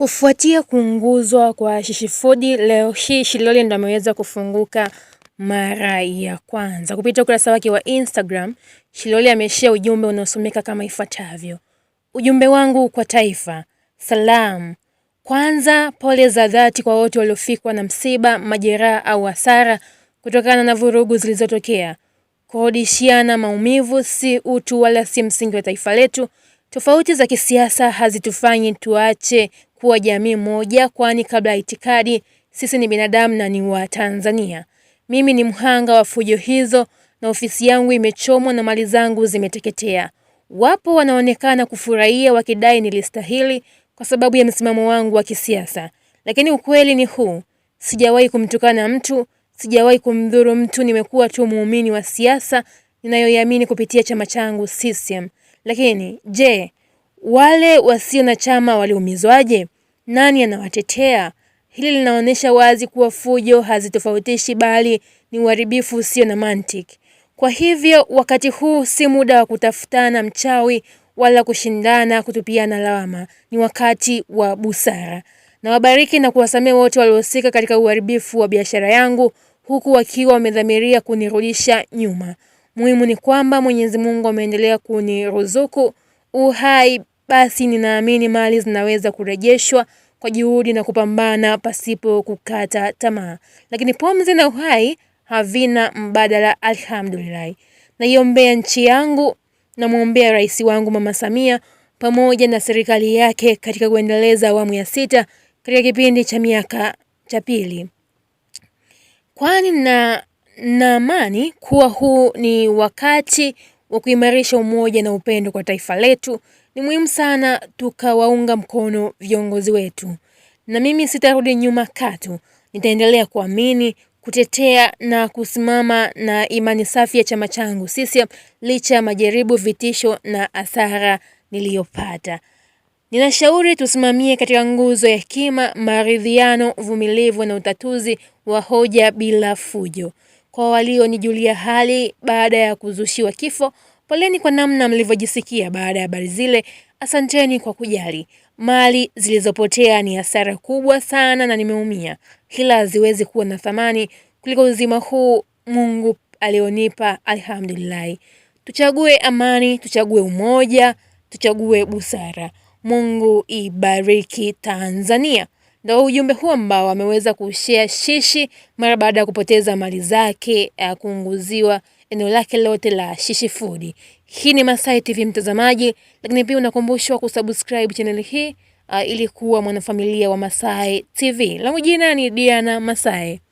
Kufuatia kuunguzwa kwa Shishifudi, leo hii Shilole ndo ameweza kufunguka mara ya kwanza. Kupitia ukurasa wake wa Instagram, Shilole ameshia ujumbe unaosomeka kama ifuatavyo: ujumbe wangu kwa taifa, salam. Kwanza, pole za dhati kwa wote waliofikwa na msiba, majeraha au hasara kutokana na vurugu zilizotokea. Kuhodishiana maumivu si utu wala si msingi wa taifa letu. Tofauti za kisiasa hazitufanyi tuache kuwa jamii moja, kwani kabla ya itikadi sisi ni binadamu na ni Watanzania. Mimi ni mhanga wa fujo hizo, na ofisi yangu imechomwa na mali zangu zimeteketea. Wapo wanaonekana kufurahia wakidai nilistahili kwa sababu ya msimamo wangu wa kisiasa, lakini ukweli ni huu: sijawahi kumtukana mtu, sijawahi kumdhuru mtu. Nimekuwa tu muumini wa siasa ninayoiamini kupitia chama changu CCM. Lakini je, wale wasio na chama waliumizwaje? Nani anawatetea? Hili linaonyesha wazi kuwa fujo hazitofautishi bali ni uharibifu usio na mantiki. Kwa hivyo wakati huu si muda wa kutafutana mchawi wala kushindana kutupiana lawama. Ni wakati wa busara. Na wabariki na kuwasamehe wote waliohusika katika uharibifu wa biashara yangu huku wakiwa wamedhamiria kunirudisha nyuma. Muhimu ni kwamba Mwenyezi Mungu ameendelea kuniruzuku uhai basi ninaamini mali zinaweza kurejeshwa kwa juhudi na kupambana pasipo kukata tamaa, lakini pumzi na uhai havina mbadala. Alhamdulillah, naiombea nchi yangu, namwombea rais wangu Mama Samia pamoja na serikali yake katika kuendeleza awamu ya sita katika kipindi cha miaka cha pili, kwani na naamani kuwa huu ni wakati wa kuimarisha umoja na upendo kwa taifa letu. Ni muhimu sana tukawaunga mkono viongozi wetu, na mimi sitarudi nyuma katu. Nitaendelea kuamini, kutetea na kusimama na imani safi ya chama changu sisi, licha ya majaribu, vitisho na hasara niliyopata. Ninashauri tusimamie katika nguzo ya hekima, maridhiano, uvumilivu na utatuzi wa hoja bila fujo. Kwa walionijulia hali baada ya kuzushiwa kifo Poleni kwa namna mlivyojisikia baada ya habari zile. Asanteni kwa kujali. Mali zilizopotea ni hasara kubwa sana na nimeumia, ila haziwezi kuwa na thamani kuliko uzima huu Mungu alionipa. Alhamdulillahi. Tuchague amani, tuchague umoja, tuchague busara. Mungu ibariki Tanzania. Ndo ujumbe huu ambao ameweza kushea Shishi mara baada ya kupoteza mali zake, kuunguziwa eneo lake lote la Shishi Food. Hii ni Masai TV mtazamaji, lakini pia unakumbushwa kusubscribe channel hii uh, ili kuwa mwanafamilia wa Masai TV. Langu jina ni Diana Masai.